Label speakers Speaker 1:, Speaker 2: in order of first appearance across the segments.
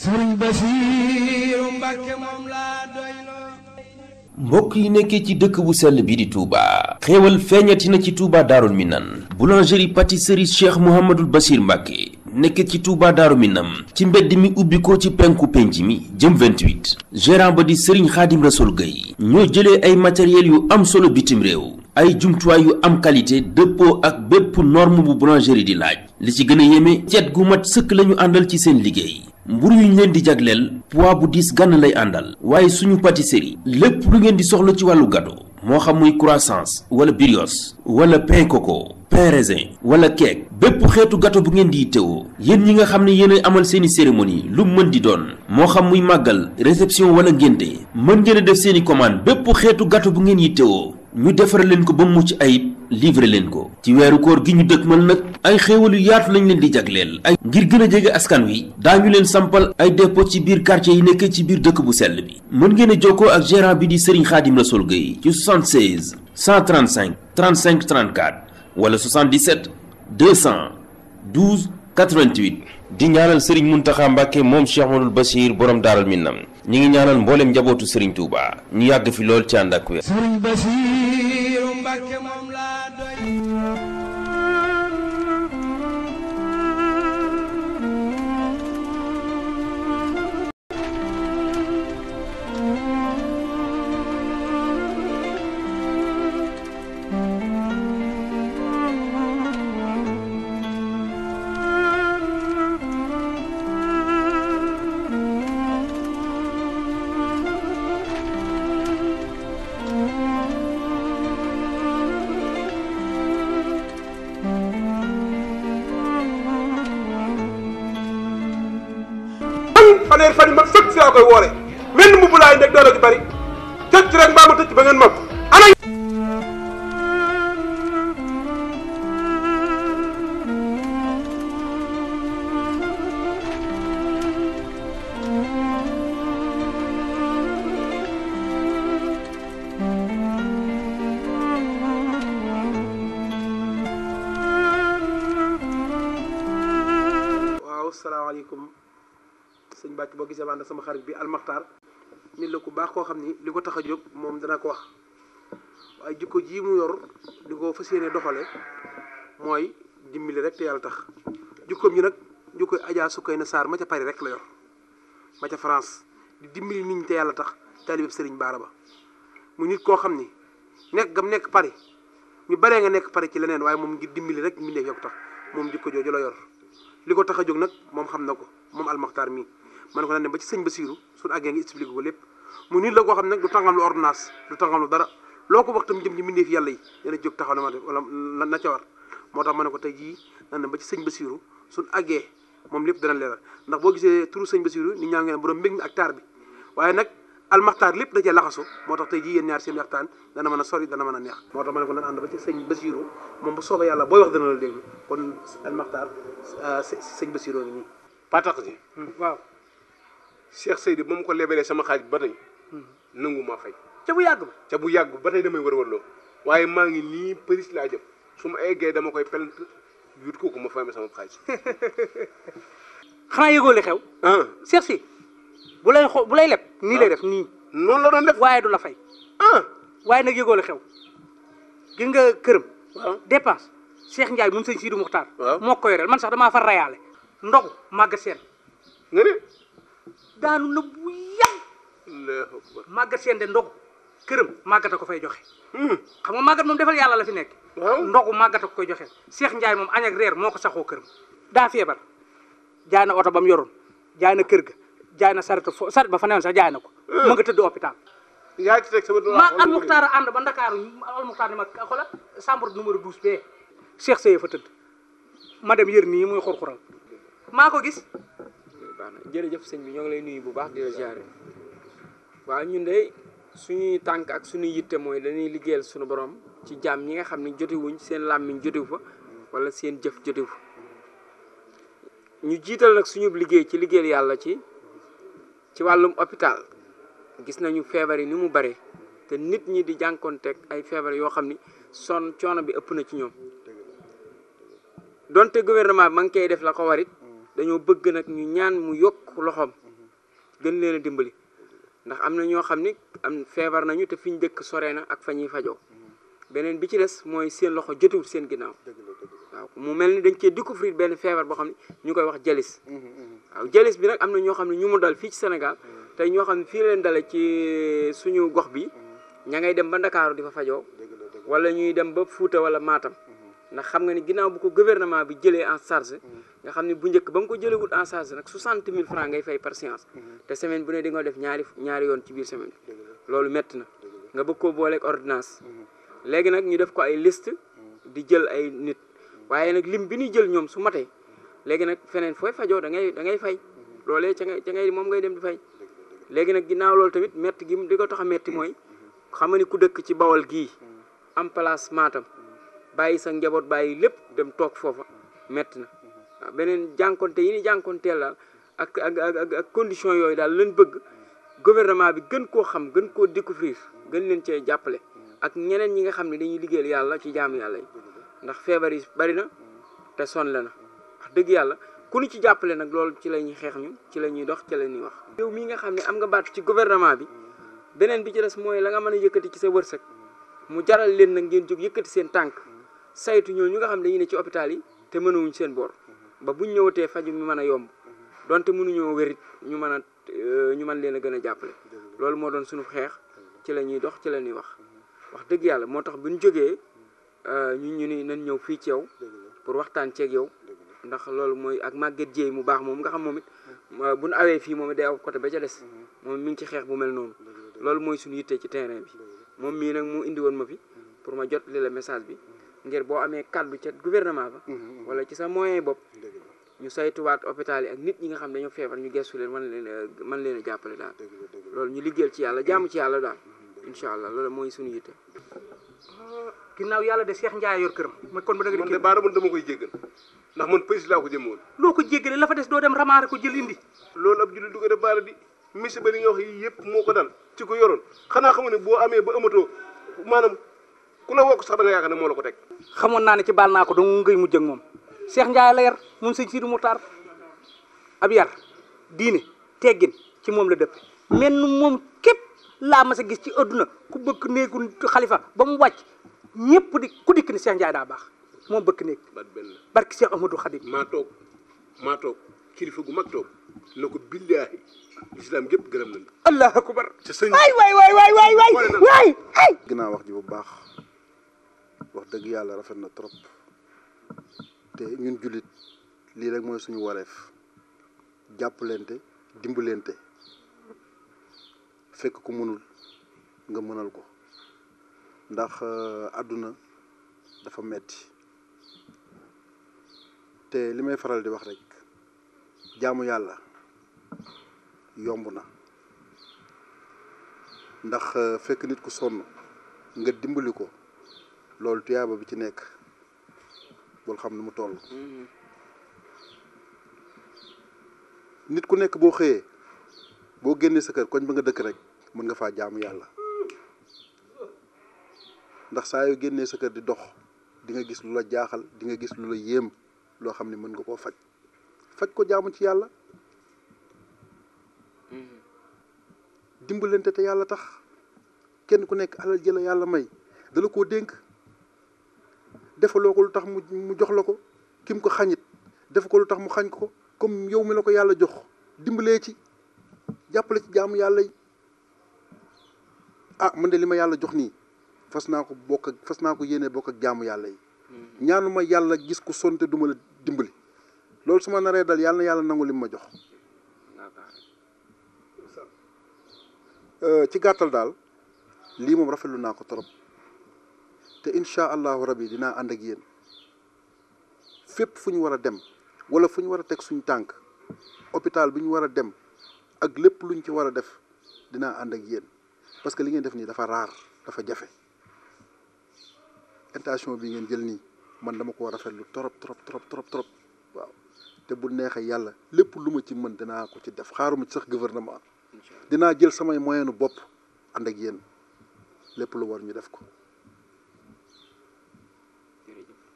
Speaker 1: sëriñ Basiiru
Speaker 2: mbokk yi nekkee ci dëkk bu sell bi di Touba. xéewal feeñati na ci Touba Darou Minane. boulangerie pâtisserie Cheikh Mouhamadul Bassir Mbacke. nekk ci Touba Darou Minane. ci mbedd mi ubbikoo ci penku penc mi jëm 28. gérant ba di Serigne Khadim Rassoul Gueye. ñoo jëlee ay matériel yu am solo bitim réew. ay jumtuwaay yu am qualité dëppoo ak bépp norme bu boulangerie di laaj. li ci gën a yéeme. cet gu mat sëkk lañu àndal ci seen liggéey. mburu yu ñu leen di jagleel poids bu diis gànn lay àndal waaye suñu pâtisserie lépp lu ngeen di soxla ci wàllu gâteau moo xam muy croissants wala brioche wala pain coco pain raisin wala cake bépp xeetu gato bu ngeen di teewoo yéen ñi nga xam ne yéen a amal seeni cérémonie lu mën di doon moo xam muy màggal réception wala ngénte mën ngeen a def seeni commande bépp xeetu gato bu ngeen yi teewoo ñu defar leen ko ba mu mucc ayib livré leen ko ci weeru koor gi ñu dëkkmal nag ay xéewal yu yaatu nañ leen di jagleel ay ngir gën a jege askan wi daañu leen sampal ay dépôt ci biir quartier yi nekk ci biir dëkk bu sell bi mën ngeen a jokkoo ak gérant bi di Serigne Khadim Rassoul Gueye ci 76 135 35 34 wala 77 200 12 88 di ñaanal sëriñ Muntaxa Mbàkke moom Cheikh Ahmadul Bachir borom daaral minnam ñi ngi ñaanal mbooleem njabootu sëriñ Touba ñu yàgg fi lool ci ànd ak wér
Speaker 3: fanweeri fan yi mat sëkk si laa koy woore mel ni mu bulaay ndeg doole ju bari tëcc rek mbaa ma tëcc ba
Speaker 4: ngeen mokk ana
Speaker 3: salaamaaleykum sëñ bàcc boo gisee maanaam sama xarit bi almaxtaar nit la ku baax koo xam ni li ko tax a jóg moom dana ko wax waaye jikko ji mu yor di koo fas yéene doxale mooy dimbali rek te yàlla tax jikkoom ñi nag jikko Adja na saar ma ca Paris rek la yor ma ca France di dimbali nit ñi te yàlla tax taalibeb sëriñ Baara Ba mu nit koo xam ni nekk gam nekk Paris ñu baree nga nekk Paris ci leneen waaye moom ngir dimbali rek mi nekk yokk tax moom jikko jooju la yor li ko tax a jóg nag moom xam na ko moom almaxtaar mi man ko naan ba ci sëñ Basiiru suñu àggee nga expliqué ko lépp mu nit la koo xam ne nag du tàngam lu ordonnance du tàngam lu dara loo ko wax tam jëm ci mbindeef yàlla yi dana jóg taxaw na ma def wala moo tax ma ne ko tey jii naan dem ba ci sëñ Basiiru suñu àggee moom lépp dana leeral ndax boo gisee turu sëñ Basiiru nit ñaa ngi ne borom mbég mi ak taar bi waaye lépp da cee laxasu moo tax tey jii yéen ñaar seen waxtaan dana mën a sori dana a neex moo tax ma ne ko nan ànd ba ci sëñ Basiiru moom bu soobee yàlla booy wax dana la déglu kon almaxtaar ah, sëñ Basiiru nii patax ji hmm, Cheikh Seydi ba mu ko lebelee sama xaaj ba tey nangu maa fay. ca bu yàgg ba ca bu yàgg ba tey damay wërwërloo waaye maa ngi nii Paris laa jëm su ma eggee dama koy pelante
Speaker 1: yut kooku ma fay ma sama xaaj. xanaa yëgoo li xew. Ah. Cheikh si bu lay xo bu lay lay ah. def nii. noonu la doon def waaye du la fay. Ah. waaye nag yëgoo li xew gis nga këram. waaw dépense Cheikh Ndiaye moom moo ko yoreel sax damaa far rayaale. ndogu magasin. nga daanu na bu yàgg. màggat seen de ndogu këram màggat ko fay joxe. Hmm. xam nga màggat moom defal yàlla la fi nekk. ndogu màggat ko koy joxe Cheikh Ndiaye moom añ ak reer moo ko saxoo këram. daa feebar jaay na oto ba mu yoroon jaay na kër ga jaay na saret fo saret ba fa newoon sax jaay na ko. Hmm. mu tëdd hôpital. yaa ci a ànd ba Ndakaaru almuxtaar ni ma xoolal chambre numéro 12 bee. Cheikh Seye fa tëdd ma dem yër nii muy xurxural maa ko gis baax na jërëjëf sëñ
Speaker 5: bi ñoo ngi lay nuyu bu baax di la ziare waaw ñun de suñuy tànk ak suñuy yitte mooy dañuy liggéeyal suñu boroom ci jaam ñi nga xam ne jotewuñ seen làmmiñ jotewu fa wala seen jëf jotewu ñu jiital nag suñu liggéey ci liggéeyal yàlla ci ci wàllum hôpital gis nañu feebar yi ni mu bare te nit ñi di jànkoonteeg ay feebar yoo xam ni son coono bi ëpp na ci ñoom donte gouvernement bi ma ngi koy def la ko warit dañoo bëgg nag ñu ñaan mu yokk loxoom gën leen a dimbali ndax am na ñoo xam ni am feebar nañu te fiñ dëkk sore na ak fa ñuy fajoo beneen bi ci des mooy seen loxo jotul seen ginnaaw waaw mu mel ni dañ cee découvrir benn feebar boo xam ne ñu koy wax jalis waaw jalis bi nag am na ñoo xam ne ñu mu dal fii ci senegal te ñoo xam ne fii leen dale ci suñu gox bi ña ngay dem ba Ndakaaru di fa fajoo wala ñuy dem ba Fuuta wala Maatam ndax xam nga ni ginnaaw bu ko gouvernement bi jëlee en charge mm-hmm. nga xam ne bu njëkk ba nga ko jëlewul en charge nag soixante mille francs ngay fay par séance mm-hmm. te bu ne di nga def ñaari ñaari yoon ci biir loolu métti na nga bëgg koo booleeg ordonnance mm-hmm. léegi nag ñu def ko ay list di jël ay nit waaye nag lim bi ñuy jël ñoom su matee léegi nag feneen fooy fajoo da ngay da ngay fay loole ca ngay ca ngay moom ngay dem di fay léegi nag ginnaaw loolu tamit métti gi di ko tax a métti mooy xam nga ku dëkk ci bawal gii am place maatam bàyyi sa njaboot bàyyi lépp dem toog foofa métti na waaw mhm. beneen jànkonte yi ni jànkonteel daal ak ak ak ak condition yooyu daal lañ bëgg gouvernement bi gën koo xam gën koo découvrir gën leen cee jàppale mhm. ak ñeneen ñi nga xam ne dañuy liggéeyal yàlla ci jaamu yàlla yi ndax feebar yi bari na mhm. te sonle na wax dëgg yàlla ku ñu ci jàppale nag loolu ci la ñuy xeex ñu ci la ñuy dox ci leen ñuy wax. yow mii nga xam ne am nga baat ci gouvernement bi beneen bi ci des mooy la nga mën a yëkkati ci sa wërsëg mu jaral leen nag ngeen jóg yëkkati seen tànk. saytu ñoo ñu nga xam ne dañuy ne ci hôpital yi te mënawuñ seen boor ba buñ ñëwatee faju mi mën a yomb donte mënuñoo wérit ñu mën a euh, ñu mën leen a gën a jàppale loolu moo doon suñu xeex ci la ñuy dox ci la ñuy wax wax dëgg yàlla moo tax bu ñu jógee euh, ñun ñu ni nañ ñëw fii ci yow pour waxtaan ceeg yow ndax loolu mooy ak màgget jéey mu baax moom nga xam moom it euh, bu ñu awee fii moom it day aw côté ba ca des moom mi ngi ci xeex bu mel noonu loolu mooy suñu yittee ci terrain bi moom mii nag mu indi woon ma fi pour ma jot li message bi ngir boo amee kàddu ca gouvernement ba mhm, mhm. wala ci sa moyen bopp ñu saytuwaat hôpital yi ak nit ñi nga xam ne dañoo feebar ñu gestu leen man leen euh, man leen jàppale daal lool ñu liggéeyal ci yàlla jaamu ci yàlla daal mhm, incha allah loolu mooy suñu
Speaker 1: yitte ginnaaw yàlla de Cheikh Ndiaye yor këram ma kon ma da nga man de baara man dama koy jéggal ndax ko jëmoon loo des doo dem ramaare ko jël indi loolu ab jullit du
Speaker 3: ko def baara di misi ba li nga wax yi yëpp moo ko dal ci ko yoroon xanaa xam ne boo amee ba amatoo
Speaker 1: maanaam ku la woo ko sax da nga yaakaar ne moo la ko teg. xamoon naa ne ci baal naa ko dong ngay mujj ak moom Cheikh Ndiaye la yar moom sëñ Sidou Moutar ab yar diine teggin ci moom la dëpp men moom képp laa mas a gis ci adduna ku bëgg néegu xalifa ba mu wàcc ñëpp di ku dikk ni Cheikh Ndiaye daa baax moom bëgg néeg
Speaker 3: barki Cheikh Amadou Khadim maa toog maa toog kilifa gu mag toog na ko billaahi
Speaker 4: lislaam gépp gërëm nañ allah akbar waay
Speaker 3: waay waay waay
Speaker 5: waay
Speaker 4: wax ji bu baax wax dëgg yàlla rafet na trop te ñun jullit lii rek mooy suñu wareef jàpplente dimbalente fekk ku mënul nga mënal ko ndax euh, àdduna dafa metti te li may faral di wax rek jaamu yàlla yomb na ndax euh, fekk nit ku sonn nga dimbali ko loolu tuyaaba bi ci nekk bul xam nu mu toll. Mm-hmm. nit ku nekk boo xëyee boo génnee sa kër koñ ba nga dëkk rek mën nga faa jaamu yàlla ndax saa yoo génnee sa kër di dox dinga gis lu la jaaxal di nga gis lu la yéem loo xam ne mën nga koo faj faj ko jaamu ci yàlla mm-hmm. dimbalante te yàlla tax kenn ku nekk alal jëla yàlla may dala koo dénk defaloo ko lu tax mu mu jox la ko kim ko xañit def ko lu tax mu xañ ko comme yow mi la ko yàlla jox dimbalee ci jàppale ci jaamu yàlla yi ah man de li ma yàlla jox nii fas naa ko bokk ak fas naa ko yéene bokk ak jaamu yàlla yi mm-hmm. ñaanuma yàlla gis ku sonte duma la dimbali loolu su ma naree dal yàlla yàlla nangu li ma jox euh, ci gàttal daal lii moom rafetlu naa ko trop te incha allahu rabi dinaa ànd ak yéen fépp fu ñu war a dem wala fu ñu war a teg suñu tànk hôpital bi ñu war a dem ak lépp luñ ci war a def dinaa ànd ak yéen parce que li ngeen def nii dafa raar dafa jafe intention bi ngeen jël nii man dama ko rafetlu trop trop trop trop trop waaw te bu neexee yàlla lépp lu ma ci mën dinaa ko ci def xaaruma ci sax gouvernement dinaa jël samay moyenu bopp ànd ak yéen lépp lu war ñu def ko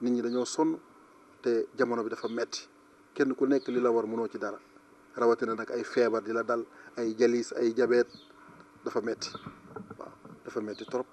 Speaker 4: nit ñi dañoo sonn te jamono bi dafa metti kenn ku nekk li la war mënoo ci dara rawatina nag ay feebar di la dal ay jalis ay jabeet dafa metti waaw dafa metti trop